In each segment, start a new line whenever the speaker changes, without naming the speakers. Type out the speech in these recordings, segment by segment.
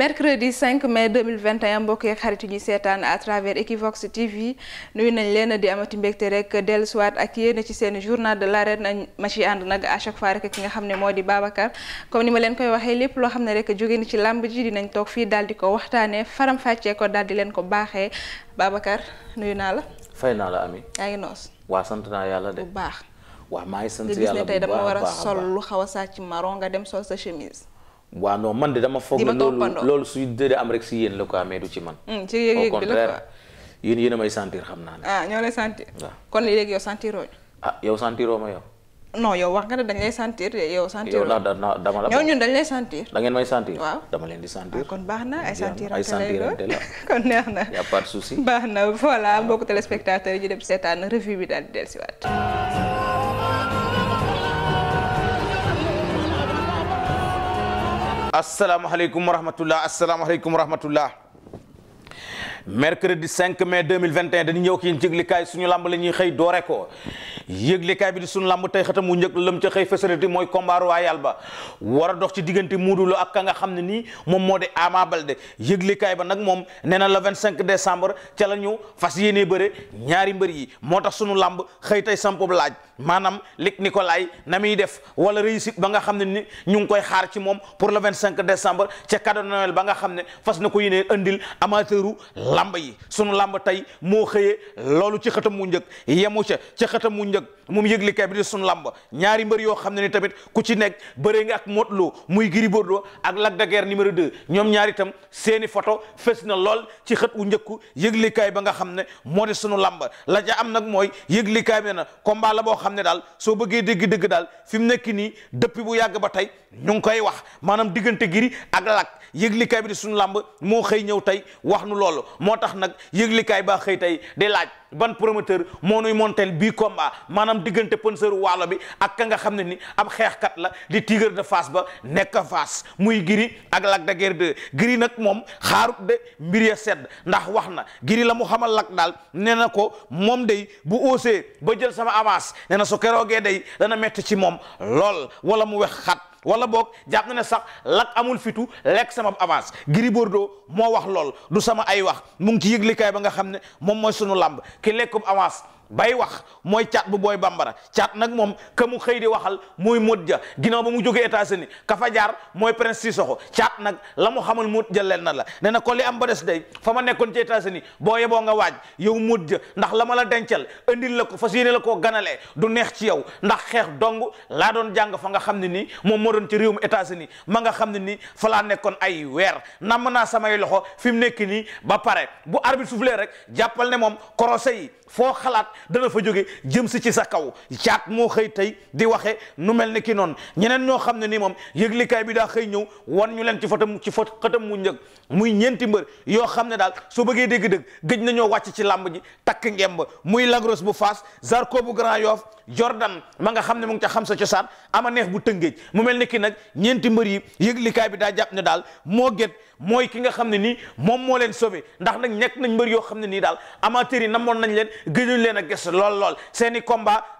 mercredi 5 mai 2021 mbokk yeeg xarit yi ñuy seetaan à travers Equivox TV nuyu nañ leen di amati mbégte rek dellusiwaat ak yéen ci seen journal de l'arène ma ci ànd nag à chaque fois rek ki nga xam ne moo di Babacar comme ni ma leen koy waxee lépp loo xam ne rek jóge ni ci làmb ji dinañ toog fii daal di ko waxtaanee faram fàccee ko dal di leen ko baaxee Babacar nuyu naa la. fay naa la Ami. yaa ngi noos.
waa sant naa yàlla de bu baax. waa maa ngi sant yàlla bu baax tey dama a sol
lu xaw sàcc maron nga dem sol sa chemise.
waaw non man de dama foog ne loolu loolu suy dëdee am rek si yéen la ko mais du ci man.
Mm, ci yéeg-yéeg bi la quoi
au contraire may sentir xam naa
ne. ah ñoo lay sentir. kon léegi yow sentiroo
ah, yow sentiroo ma yow.
non yow wax nga ne dañ lay sentir yow. sentiroo yow
ndax dama la. ñoo ñun
dañ lay sentir.
da ngeen may sentir. waaw dama leen di sentir. Ah, kon baax
na ay sentir ay sentirante la kon neex na.
y a pas de
baax na voilà mbokku téléspectateur yi ñu dem seetaan revue bi daal si dellusiwaat.
asalaamaaleykum wa rahmatullah asalaamaaleykum wa rahmatullah mercredi 5 mai 2021 dañu ñëw ki yéen ci yëglikaay suñu làmb la ñuy xëy doore ko yëglekaay bi di sunu làmb tey xatam mu njëkk lëm ca xëy fesarati mooy combat royal ba war a dox ci diggante Modou Lo ak ka nga xam ne nii moom moo di Ama Baldé yëglekaay ba nag moom nee na le 25 décembre ca la ñu fas yéenee bëre ñaari mbër yi moo tax sunu làmb xëy tey sampob laaj maanaam Luc Nicolaï na muy def wala réussite ba nga xam ne ñu ngi koy xaar ci moom pour le 25 décembre ca cadeau de Noël ba nga xam ne fas na ko yéenee andil amateuru làmb yi sunu làmb tey moo ëllëg moom yëglikaay bi di sunu làmb ñaari mbër yoo xam ne ni tamit ku ci nekk bëree nga ak Modou Lo muy Gris doo ak Lac de Guiers numéro 2 ñoom ñaari tam seeni photo fes na lool ci xët wu njëkku yëglikaay ba nga xam ne moo di sunu làmb la ja am nag mooy yëglikaay bi na combat la boo xam ne daal soo bëggee dégg-dëgg daal fi mu nekk nii depuis bu yàgg ba tey ñu ngi koy wax maanaam diggante Gris ak Lac yëglikaay bi di suñu làmb moo xëy ñëw tey wax nu loolu moo tax nag yëglikaay baa xëy tey di laaj ban promoteur moo nuy monteel bii komba manam diggante pënseur waalo bi ak ka nga xam ne ni ab xeexkat la di tigre de face ba nekk face muy giri ak Lac de Guiers 2 giri nag moom xaarut de mbir ya sedd ndax wax na giri la mu xamal Lac daal nee na ko moom day bu óosee ba jël sama avance nee na su keroogee day dana metti ci moom lool wala mu wex xat wala boog jàpp na ne sax lak amul fitu lekk sama avance Gris Bordeaux moo wax lool du sama ay wax mu ngi ci yëglikaay ba nga xam ne moom mooy sunu làmb ki lekkub avance bay wax mooy caat bu booy bambara caat nag moom ka mu xëy di waxal mooy mut ja ginnaaw ba mu jógee États-Unis ka fa mooy prince Sissoko caat nag la mu xamal mut ja leen na la ne na ko li am ba des day fa ma nekkoon ci États-Unis boo yeboo nga waaj yow mut ja ndax la ma la dencal andil la ko fas yéene la koo ganalee du neex ci yow ndax xeex dong laa doon jàng fa nga xam ne nii moom moo doon ci réew mu États-Unis ma nga xam ne nii fa laa nekkoon ay weer namm naa samay loxo fi mu nekk nii ba pare bu arbitre rek jàppal ne moom korosé yi foo xalaat dana fa jóge jëm si ci sa kaw caat moo xëy tey di waxe nu mel ni ki noonu ñeneen ñoo xam ne nii moom yëglikaay bi daa xëy ñëw wan ñu leen ci fotam ci fot xëtam mu njëkk muy ñeenti mbër yoo xam ne daal soo bëggee dégg-dëgg gëj nañoo wàcc ci làmb ji takk ngemb muy lagros bu Fass Zarko bu Grand Yoff Jordan ma nga xam ne mu ngi ca xam sa cosaan ama neex bu tëngéej mu mel ni ki nag ñeenti mbër yi yëglikaay bi daa jàpp ne daal moo gét mooy ki nga xam ne nii moom moo leen sauvé ndax nag nekk nañ mbër yoo xam ne nii daal amateurs yi namoon nañ leen gëjuñ leen a gis lool lool seen i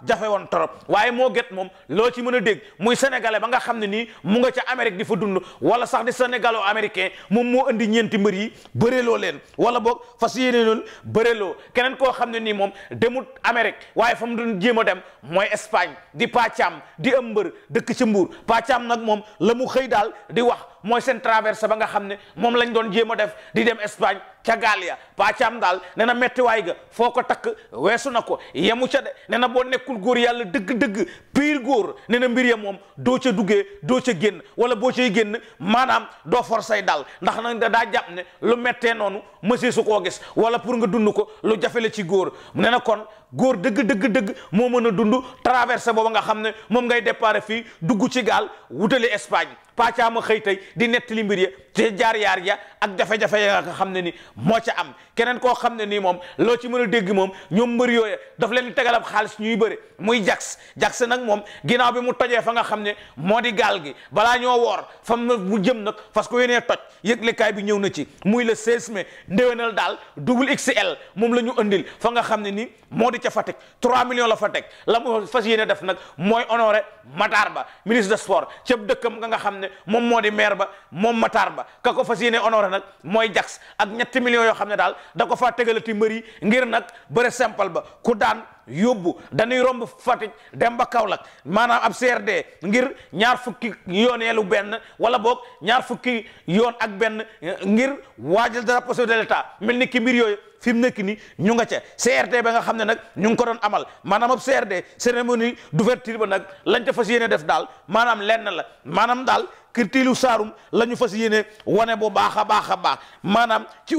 jafe woon trop waaye moo gét moom loo ci mën a dégg muy sénégalais ba nga xam ne nii mu nga ca Amérique di fa dund wala sax di sénégalo américain moom moo di ñeenti mbër yi bëreloo leen wala boog fas yéene noonu bëreloo keneen koo xam ne nii moom demut Amérique waaye fa mu doon jéem a dem mooy Espagne di Pàccam di am mbër dëkk ci Mbuur Pàccam nag moom la mu xëy daal di wax mooy seen traversé ba nga xam ne moom lañ doon jéema def di dem Espagne ca gaal ya pàccaam daal ne na méttiwaay ga foo ko takk weesu na ko yemu ca de ne na boo nekkul góor yàlla dëgg-dëgg pire góor ne na mbir ya moom doo ca duggee doo ca génn wala boo cay génn maanaam doo forsay dal ndax nag da daa jàpp ne lu méttee noonu monsieur su koo gis wala pour nga dund ko lu jafe la ci góor ne na kon góor dëgg dëgg moo mën a dund traversé booba nga xam ne moom ngay départ fii dugg ci gaal wutali Espagne pàccaama xëy tey di nettali mbir ya te jaar yaar ya ak jafe-jafe ya nga xam ne ni moo ca am keneen koo xam ne nii moom loo ci mën a dégg moom ñoom mbër yooya daf leen tegalab xaalis ñuy bëre muy jax jax nag moom ginnaaw bi mu tojee fa nga xam ne moo di gaal gi balaa ñoo woor fa mu jëm nag parce que yéenee toj yëglekaay bi ñëw na ci muy le 16 mai ndéwénal daal double XL moom la ñu andil fa nga xam ne nii moo di ca Fatick 3 millions la fa teg la mu fas yéene def nag mooy honoré Matar Ba ministre de sport cëb dëkkam nga nga xam ne moom moo di maire ba moom Matar ba ka ko fa yéene honoré nag mooy jax ak ñetti millions yoo xam ne daal da ko faa tegalati mbër yi ngir nag bëre simple ba ku daan yóbbu dañuy romb Fatick dem ba Kaolack maanaam ab CRD ngir ñaar fukki yooneelu benn wala boog ñaar fukki yoon ak benn ngir waajal drapeau de l'État mel ni ki yooyu fi mu nekk ni ñu nga ca CRD ba nga xam ne nag ñu ngi ko doon amal maanaam ab CRD cérémonie d'ouverture ba nag lañ ca fas yéene def daal maanaam lenn la maanaam daal kirtiilu saarum la ñu fas yéene wane bu baax a baax a baax maanaam ci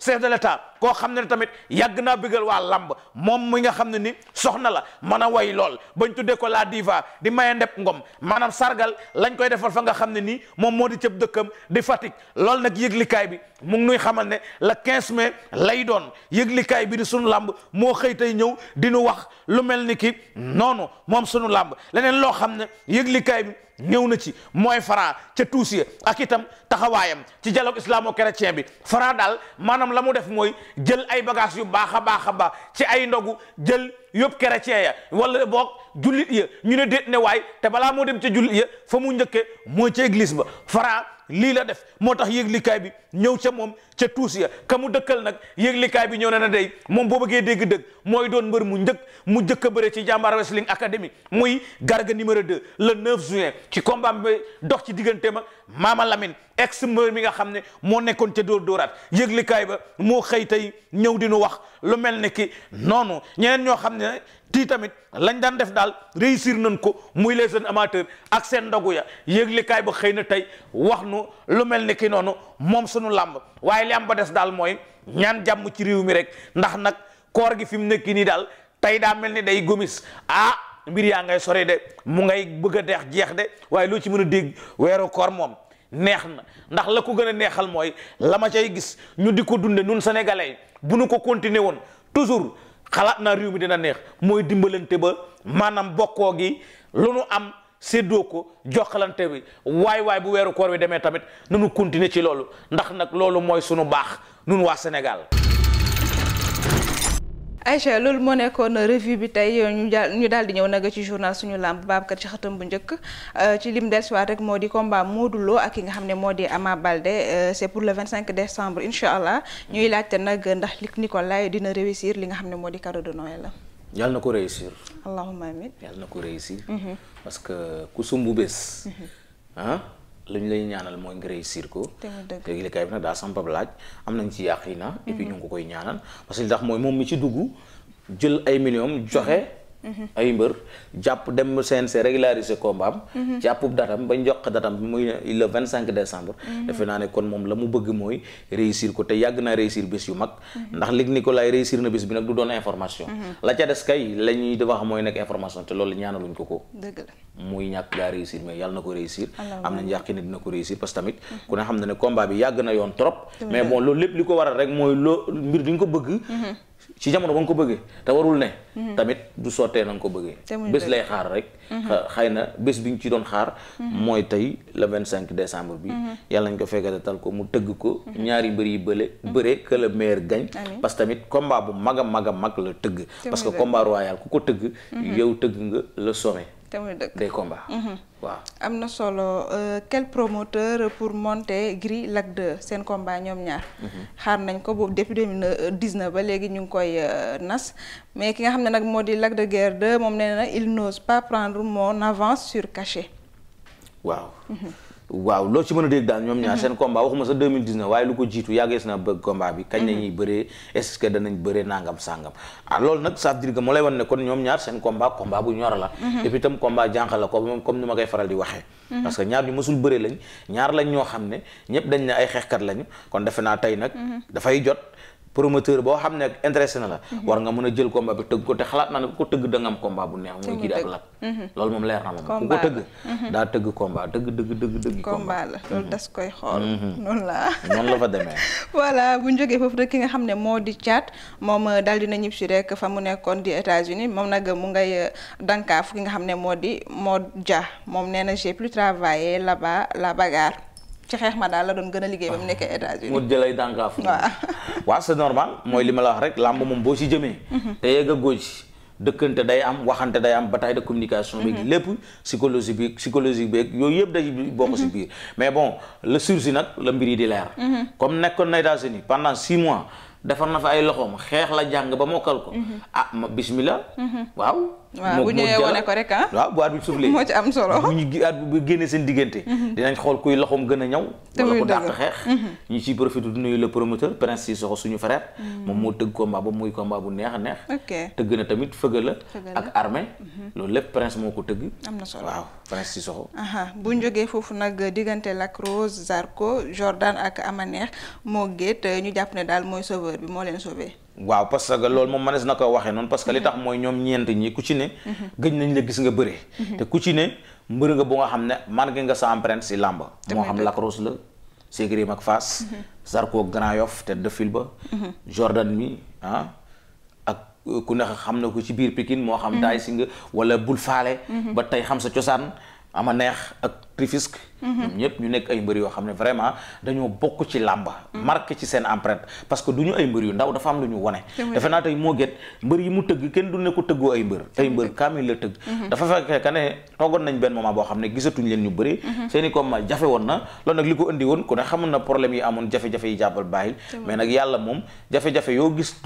chef de l'état koo xam ne tamit yàgg naa bëggal waa lamb moom mi nga xam ne ni soxna la mën a way lool bañ tuddee ko la diva di maye ndep ngom maanaam sargal lañ koy defal fa nga xam ne nii moom moo di cëb dëkkam di Fatick loolu nag yëglikaay bi mu ngi nuy xamal ne la quinze mais lay doon yëglikaay bi di sunu làmb moo xëy tey ñëw di nu wax lu mel ni ki noonu moom sunu lamb leneen loo xam ne yëglikaay bi ñëw na ci mooy Fra ca Toussier ak itam taxawaayam ci dialogue islaamo chrétien bi faraa daal maanaam la mu def mooy jël ay bagages yu baax a baax a baax ci ay ndogu jël yóbbu chrétien ya wala boog jullit ya ñu ne déet ne waay te balaa moo dem ca jullit ya fa mu njëkke mooy ca église ba Fra. lii la def moo tax yëglikaay bi ñëw ca moom ca tuus ya ka mu dëkkal nag yëglikaay bi ñëw na na day moom boo bëggee dégg dëgg mooy doon mbër mu njëkk mu njëkk a bëre ci jàmbaar wrestling academy muy garga numéro de le 9 juin ci combat bi dox ci digganteem ak Mama Lamine ex mbër mi nga xam ne moo nekkoon ca dóor dóoraat yëglikaay ba moo xëy tey ñëw di nu wax lu mel ne ki noonu ñeneen ñoo xam ne tii tamit lañ daan def daal réussir nañ ko muy les jeunes amateurs ak seen ndogu ya yëglikaay ba xëy na tey wax nu lu mel ni ki noonu moom suñu làmb waaye li am ba des daal mooy ñaan jàmm ci réew mi rek ndax nag koor gi fi mu nekki nii daal tey daa mel ni day gomis ah mbir yaa ngay sore de mu ngay bëgg a deex jeex de waaye loo ci mën a dégg weeru koor moom neex na ndax la ko gën a neexal mooy la ma cay gis ñu di ko dunde nun sénégalais bu nu ko continuer woon toujours xalaat na réew mi dina neex mooy dimbalante ba maanaam bokkoo gi lu nu am séddoo ko jokkalante bi waay waay bu weeru koor wi demee tamit nunu continuer ci loolu ndax nag loolu mooy sunu baax nun waa Sénégal
ay Aïcha loolu moo nekkoon revue bi tey ñu daal di ñëw nag ci journal suñu làmp làmb Babacar ci xatam bu njëkk euh, ci lim dellusiwaat rek moo di combat Modou Lo ak ki nga xam ne moo di amaa Baldé euh, c'est pour le 25 décembre incha allah ñuy laajte nag ndax Luc Nicolaï dina réussir li nga xam ne moo di cadeau de Noël la.
yàlla na ko réussir.
allahumma amin
yàlla na ko réussir. Mhm. parce que ku sumbu bés. Mhm. Ah, li ñu lay ñaanal mooy nga réussir ko. léegi li kay bi nag daa sampab laaj am nañ ci yàq yi na. et mhm. ñu ngi ko koy ñaanal parce que li moom mi ci dugg jël ay millions joxe. ay mbër jàpp dem CNC régulariser combat am. Mhm. jàppub datam bañ jox datam muy le vingt cinq décembre. Mhm. defe naa ne kon moom la mu bëgg mooy réussir ko te yàgg naa réussir bés yu mag. Mhm. ndax Luc Nicolaï réussir na bés bi nag du doon information. la ca des kay la ñuy wax mooy nekk information te loolu ñaanaluñ ko ko. dëgg la muy ñàkk gaa réussir mais yàlla na ko réussir. am nañ yàqi ne dina ko réussir parce tamit. ku ne xam na ne combat bi yàgg na yoon trop. mais ko waral loo mbir duñ ci jamono ba nga ko bëggee te warul ne mhm. tamit du sotee na ko bëggee bés lay xaar rek mhm. xëy na bés bi ñu ci doon xaar mhm. mooy tey le vingt cinq décembre bi yàlla nañ ko fekkate tal ko mu tëgg ko ñaari mbër yi bële bëre que le meilleur gagne parce que tamit combat bu mag a mag a mag la tëgg parce que combat royal ku ko tëgg yow tëgg nga la sommet te muy dëgg des combats. Mhm. waaw
am na solo euh, quel promoteur pour monter Gris Lac 2 seen combat ñoom ñaar. Mhm. xaar nañ ko boobu depuis de mille dix-neuf ba léegi ñu ngi koy euh, nas mais ki nga xam ne nag moo di Lac de Guiers 2 moom nee na il n'ose pas prendre mon avance sur cachet.
waaw lool ci mën a dégg daal ñoom ñaar mhm. seen combat waxuma sa waaye lu ko jiitu yàggees na bëgg combat bi kañ lañuy mhm. bëree est-ce que danañ bëree nangam sàngam ah nag ça veut dire que ñoom ñaar seen combat combat bu ñor mhm. et puis itam combat jànq moom comme ni ma koy faral di waxee parce que ñaar ñu mësul bëree lañ ñaar lañ ñoo xam ne ñëpp dañ ne ay xeexkat lañu kon defe naa tey nag dafay jot promoteur boo xam ne intéressé na la. Mhm. war nga mën a jël combat bi tëgg ko te xalaat naa ne ku ko tëgg da nga am combat bu neex. muy kii di ak lat mhm. loolu moom leer na moom. ku ko tëgg. dëgg dëgg dëgg dëgg. combat la loolu mhm. das koy xool. noonu la noonu la fa demee.
voilà bu njógee jógee foofu rek ki nga xam ne moo di caat moom euh, dal dina ñib si rek fa mu nekkoon di États-Unis moom nag mu ngay euh, dankaaf ki nga xam ne moo di moo ja moom nee na j'ai plus travaillé là-bas la bagarre. ci xeex ma daal la doon gën a liggéey ba mu nekkee États-Unis mu
jëlay dànkaaf waaw mooy li ma la wax rek làmb moom boo si jëmee mhm. te yegg a góoji dëkkante day am waxante day am bataille de communication bi mhm. lépp psychologie bi psychologie bi yooyu yëpp day bokk si mhm. biir mais bon le sursi nag la mbir yi di leer comme nekkoon na États-Unis pendant six mois defar na fa ay loxoom xeex la jàng ba mokkal ko ah ma bismillah waaw waaw bu ñëwee wane rek ah waaw bu arbitre moo ci am solo bu ñu at bu génnee seen diggante mhm. dinañ xool kuy loxoom gën a ñaw wala ko xeex mhm. ñu ciy profité du nuyu le promoteur prince si soxo suñu frère mhm. moom moo tëgg combat ba muy ko combat bu neex a neex tëgg na tamit fëgga la ak armée loolu lépp prince moo ko tëgg am na solo waaw prince si soxo
bu ñu jógee foofu nag diggante Lac Rose Zarko Jordan ak Amaneex moo géet ñu jàpp ne daal mooy sauveur bi moo leen sauvé
waaw parce que loolu moom mënees na ko waxee noonu parce que li mm-hmm. tax mooy ñoom ñeent ñi ku ci ne mm-hmm. gëj nañ la gis nga bëre mm-hmm. te ku ci ne mbër nga bu nga xam ne marqué nga sa empreinte si làmb moo xam lacrosse la Ségrim ak Fass Zarko Grand Yoff te defil ba Jordan mi ah, ak ku ne xam na ko ci biir Pikine moo xam daay si bul faale ba tey xam sa cosaan ama neex ak Rufisque mhm. ñoom ñëpp ñu nekk ay mbër yoo xam ne vraiment dañoo bokk ci làmb mhm. marqué ci seen empreinte parce que du ñu ay mbër yu ndaw dafa am lu ñu wone defe naa tey moo gét mbër yi mu tëgg kenn du ne tëggoo ay mbër ay mbër kaamil la tëgg mhm. dafa fekkee ka ne toogoon nañ benn moment boo xam ne gisatuñ leen ñu bëri seen comme jafe woon na loolu nag li ko indi woon ku ne xamoon na problème yi amoon jafe-jafe yi jàppal bàyyil mais nag yàlla moom jafe-jafe yoo gis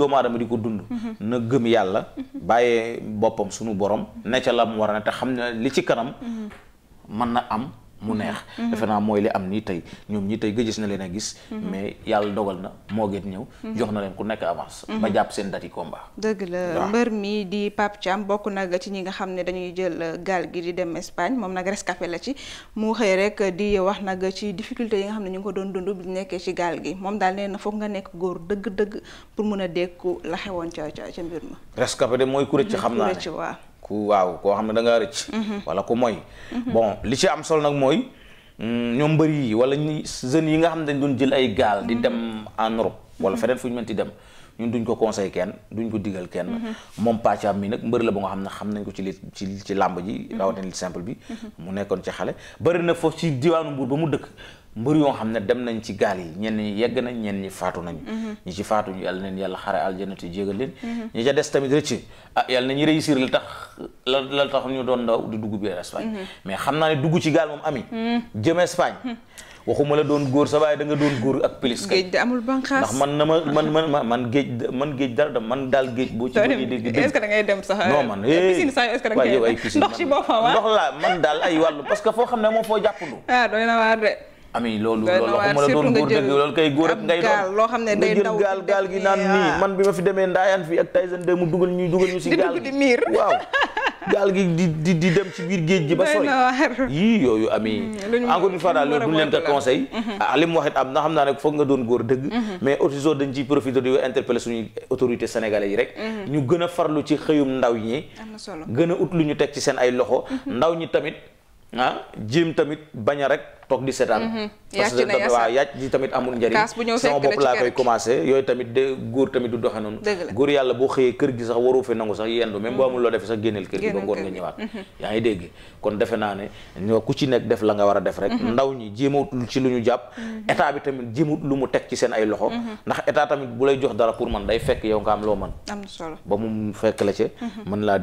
a mu mhm. neex mhm. defe naa mooy li am nii tey ñoom ñii tey gëjës na leen a gis mhm. mais yàlla dogal na moo gën ñëw jox na leen ku nekk avance ba jàpp seen dati combat
dëgg la mbër mii di Pape Thiam bokk nag ci ñi nga xam ne dañuy jël euh, gaal gi di dem Espagne moom nag rescapé la ci mu xëy rek di wax nag ci difficulté yi nga xam ne ñu ngi ko doon dund bi nekkee ci gaal gi moom daal nee na foog nga nekk góor dëgg-dëgg pour mën a dékku la xewoon ca ca mbir ma
rescapé de mooy ku rëcc xam naa ne waaw ku waaw koo xam ne da ngaa rëcc. Mhm. wala ku moy. Mhm. bon li ci am solo nag mooy mm, ñoom mbëri yi wala ñi jeunes yi nga xam ne dañ doon jël ay gaal di mhm. dem en Europe. wala feneen fu ñu mën ti dem. ñun duñ ko conseil kenn duñ ko digal kenn moom Pathiam mi nag mbër la ba nga xam ne xam nañ ko ci li ci làmb ji rawatina simple bi mu nekkoon ci xale bëri na foofu ci diwaanu Mbuur ba mu dëkk mbër yoo xam ne dem nañ ci gaal yi ñenn ñi yegg nañ ñenn ñi faatu nañu mhm. ñi ci faatu ñu yàlla neen yàlla xare aljana te leen mhm. ñi ca des tamit rëcc ah yàlla nañu réussir la tax la la tax ñu doon ndaw di dugg Espagne mhm. naa ne dugg ci gaal moom ami jëm Espagne waxuma la doon góor sa baay da nga doon góor ak pilis géej
da amul banqaas ndax man
na ma man man man géej man géej dara da man daal géej boo ci bëggee dégg da ngay dem sax non man eh, eh, piscine sax est-ce que da ngay a ci boppam ah. ndox laa man daal ay wàllu parce que foo xam ne moom foo jàppandu ah doy na waar de ami loolu loolu waxuma la doon loolu kay góor ak ngay doon loo xam ne day daw gaal gaal gi naan nii ah. man bi ma fi demee ndaayaan fi ak Tyson 2 mu dugal ñuy dugal ñu si gaal di gi di di dem ci biir géej gi ba sori yii yooyu ami mm-hmm. encore une fois daal loolu duñ leen ko conseil mm-hmm. ah li am na xam naa ne foog nga doon góor dëgg mm-hmm. mais autisme dañ ciy profité di interpeller suñu autorité sénégalais yi rek ñu gën a farlu ci xëyum ndaw ñi gën a ut lu ñu teg ci seen ay loxo ndaw ñi tamit ah jéem tamit bañ a rek toog di seetaan. Mhm. yàcc di tamit amul njariñ. kaas bu ñëw sama bopp laa koy commencé yooy tamit de góor tamit du doxe noonu. góor yàlla boo xëyee kër gi sax waroo fi nangu sax yendu même boo mhm. amul loo defe sax génneel kër gi ba ngoon nga ñëwaat. Mhm. yaa ngi dégg kon defe naa ne ñoo ku ci nekk def la nga war a def rek. ndaw ñi jéemawut ci lu ñu jàpp. état bi tamit jéemut lu mu teg ci seen ay loxo. ndax état tamit bu lay jox dara pour man day fekk yow nga am loo man am solo ba mu fekk la ca. mën laa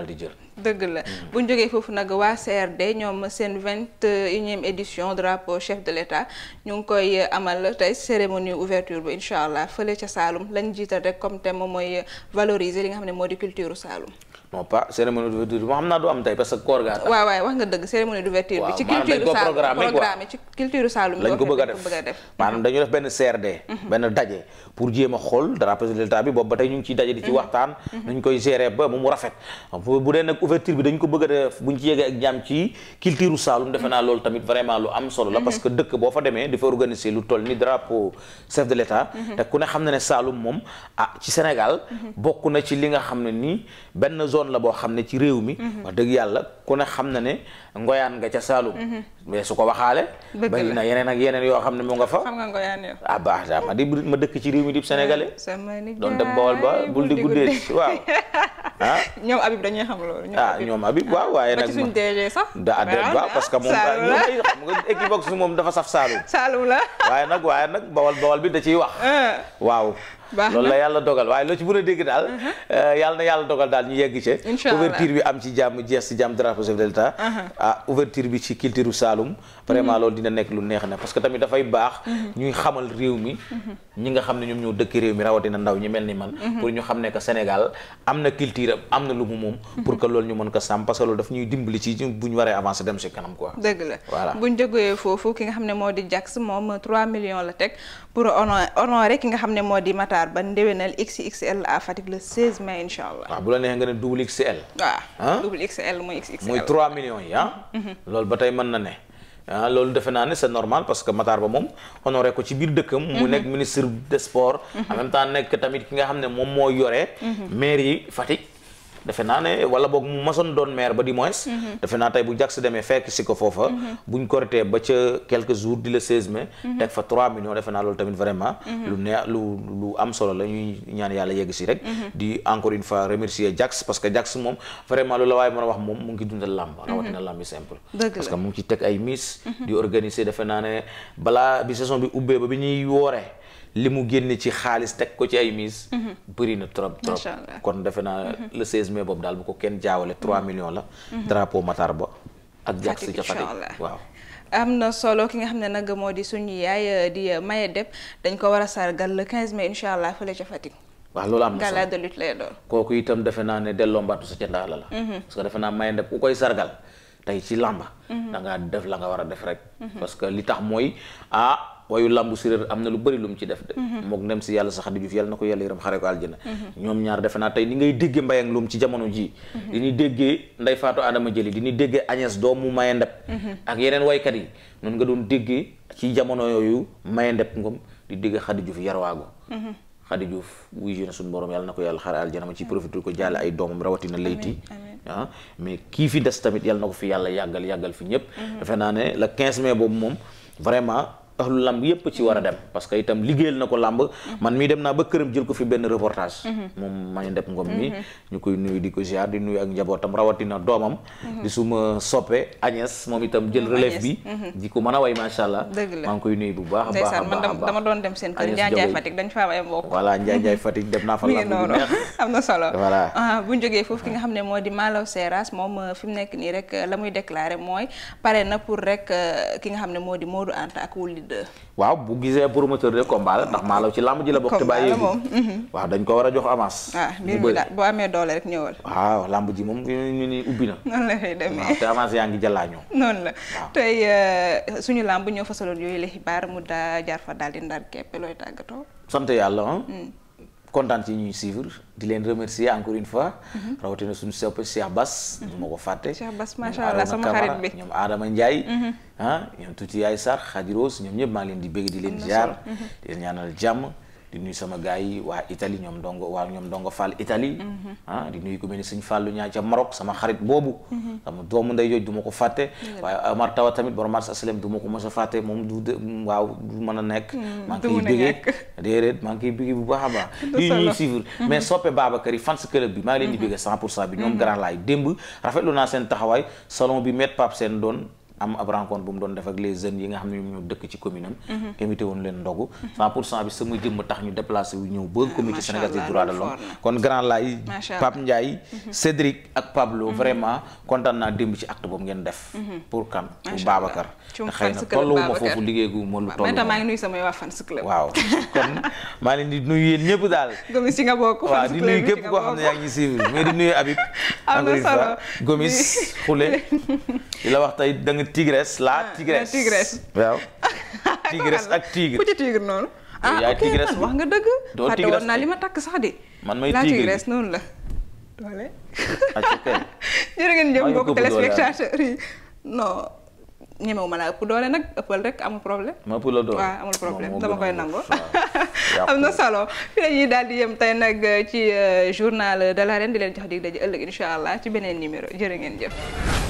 daal di jël.
dëgg la mm-hmm. bu jogee foofu nag waa CRD ñoom seen vingt et édition drapeau chef de l'État ñu ngi koy amal tey cérémonie ouverture bi incha allah fële ca Saalum lañ jiital rek comme thème mooy valoriser li nga xam ne moo di culture Saalum.
non xam naa du am tey parce que koor gaa
wax nga dëgg cérémonie d'ouverture bi ci culture mhm. programme ci mhm.
Mhm. a naa loolu tamit vraiment lu am solo la parce que dëkk boo fa demee dafa organiser lu toll ni drapeau chef de l'État te ku ne xam ne ne moom ah ci Sénégal bokk na ci li nga xam ne ni benn zone la boo xam ne ci réew mi mhm. wax dëgg yàlla ku ne xam na ne ngoyaan nga ca Saalum mhm. mais su ko waxaale bari na yeneen ak yeneen yoo xam ne mu nga fa xam
nga ngoyaan yow ah
baax daa ma di ma dëkk ci réew mi di sénégalais ah,
doon dem bawol ba bul di guddee waaw
ah ñoom ah, ñoom Habib waaw waaye nag suñ
da adde ah, waaw parce
que moom dafa saf Saalum waaye nag waaye nag bawol bawol bi da ciy wax waaw loolu la yàlla dogal waaye loo ci mën a dégg daal uh-huh. euh, yàlla na yàlla dogal daal ñu yegg ci ouverture bi am ci jàmm jeex si jàmm drapeau chef de l'état uh-huh. ah, bi ci culture Saloum vraiment uh-huh. loolu dina nekk lu neex na parce tamit dafay baax ñuy xamal réew mi ñi nga xam ne ñoom ñoo dëkk réew mi rawatina ndaw ñi mel ni man pour ñu xam ne que Sénégal am na culture am na lu mu moom pour que loolu ñu mën ko sàmm parce que loolu daf ñuy dimbali ci bu ñu waree avancer dem si kanam
ne moo di Jax xaar ba ndéwénal XXL a Fatick le 16 mai incha allah. waaw
bu la neexee nga ne double XL. waaw
double XL mooy XXL. muy 3 millions yi mhm.
loolu ba tey mën na ne. loolu defe naa ne c'est normal parce que Matar Ba moom honoré ko ci biir dëkkam. mu mhm. nekk ministre des sports. Mhm. en même temps nekk tamit ki nga xam ne moom moo yore. maire yi Fatick. defe naa ne wala boog mu masoon doon maire ba di moins mhm. defe naa tey bu jàk si demee fekk si ko foofa mhm. buñ korité ba ca quelques jour di le 16 mais mhm. teg fa 3 millions defe naa loolu tamit vraiment lu ne lu lu am solo la ñuy ñaan yàlla yegg si rek di encore une remercier Jax parce que Jax moom vraiment lu la waaye mën a wax moom ngi dundal làmb rawatina làmb simple teg ay miss di defe naa ne balaa bi saison bi ubbee ba bi ñuy wooree li mu génne ci xaalis teg ko ci ay mise mhm. bëri na trop trop kon defe naa mhm. le 16 mai boobu daal bu ko kenn jaawale 3 millions la mhm. drapeau Matar Ba ak jax si ca Fatick waaw
am na solo ki nga xam ne nag moo di suñu yaay euh, di euh, Maye Deb dañ ko war a sargal le 15 mai incha allah fële ca Fatick waaw loolu am na solo
kooku itam defe naa ne delloo mbaatu sa ca ndaala la parce que defe naa Maye Deb ku koy sargal tey ci làmba da def la nga war a li tax mooy ah waayu làmbu séréer am na lu bëri lu mu ci def de mhm. mook ndem si yàlla sax di juuf yàlla na ko yàlla yërëm xare ko aljana mhm. ñoom ñaar defe naa tey ni ngay déggee mbay ak lum ci mhm. di ñuy déggee nday faatu adama jëli di ñuy déggee Agnès doomu maye na ko yàlla xare aljana ma ci profité ko jaale ay doomam rawatina layti ah mais na ko fi yàlla yàggal yàggal fi ñëpp defe naa ne le 15 mai boobu moom vraiment ahlu lamb yépp ci war a dem parce que itam liggéeyal na ko lamb man mii dem naa ba këram jël ko fi benn reportage moom maa ngi def ngom mi ñu koy nuyu di ko ziar di nuyu ak njabootam rawatina doomam di suma soppe Agnès moom itam jël mm-hmm. relève bi mm-hmm. a a a
ah, moo di Malaw Seras moom euh, fi nekk nii rek euh, la muy déclaré mooy pare na pour rek euh, ki nga xam ne moo di Modou Anta ak Wuli
2. waaw bu gisee promoteur de combat la ndax Malaw ci làmb ji la bokk. te bàyyi mhm. waaw dañ ko war a jox avance. Ah, mu bëri ah boo amee doole rek ñëwal. waaw làmb ji moom ñu ni ubbi na. noonu la fay demee te avance yaa ngi jëlaañoo.
noonu la tey euh, suñu làmb ñoo fasaloon yooyu la xibaar mu daa jaar fa daal di ndar képp looy tàggatoo.
sant yàlla ah. Mm. kontaan ci ñuy suivre di leen remercier encore une fois. Mhm. rawatina suñu sopp Cheikh Bass. Mhm. du ma ko fàtte. Cheikh Bass macha allah sama xarit bi ñoom Adama Ndiaye. Mhm. ah ñoom tuuti yaay Sarr Khadiros ñoom ñëpp maa leen di bëgg di leen jaar. di leen ñaanal jàmm. di nuyu sama gars yi waa Italie ñoom dongo waa ñoom dongo Fall Italie mhm. ah di nuyu ku mel ni sëñ Fallu ñaa ca Maroc sama xarit boobu mhm. sama doomu nday jooj du ma ko fàtte waaye Omar Tawa tamit borom Mars Aslem du ma ko mos a fàtte moom du waaw du mën a nekk mhm. maa ngi koy déedéet maa ngi koy bu baax a baax ñuy suivre mais soppe Babacar yi fans club bi maa leen di bégee cent pour cent bi ñoom grand laay démb rafetlu naa seen taxawaay salon bi met Pape seen doon am ab rencontre bu mu doon def ak les jeunes yi nga xam ne ñoom ñoo dëkk ci commune am mhm. invité woon leen ndogu mhm. sama jëmm tax ñu déplacé wu ñëw ba ah, comité sénégalais des droits de l'homme kon grand laay Pape Ndiaye mhm. Cédric ak Pablo vraiment kontaan naa démb ci acte boobu ngeen def pour kan pour Babacar te ma foofu liggéey gu ma lu toll maa ngi
nuyu samay waa fan club waaw kon
maa leen di nuyu yéen ñëpp daal
gomis ci nga bokk waaw di nuyu képp koo xam ne yaa
ngi suivre am ah, na Gomis xule di la wax tey da nga tigresse la ah, tigresse waaw tigresse ak tigre ku ci
tigre noonu ah ok man wax nga dëgg fàtte woon naa li ma takk sax de
man may tigre la tigresse
noonu la doole jërë ngeen jëf mbokk téléspectateurs yi ñemewu ma laa ëpp doole nag ëppal rek amul problème.
ma ëpp la doole waaw amul
problème dama koy nangu.
am
na solo fi la ñuy daal di yem tey nag ci euh, journal dalaa l'arène di leen jox dig daje ëllëg incha allah ci beneen numéro jërë ngeen jëf.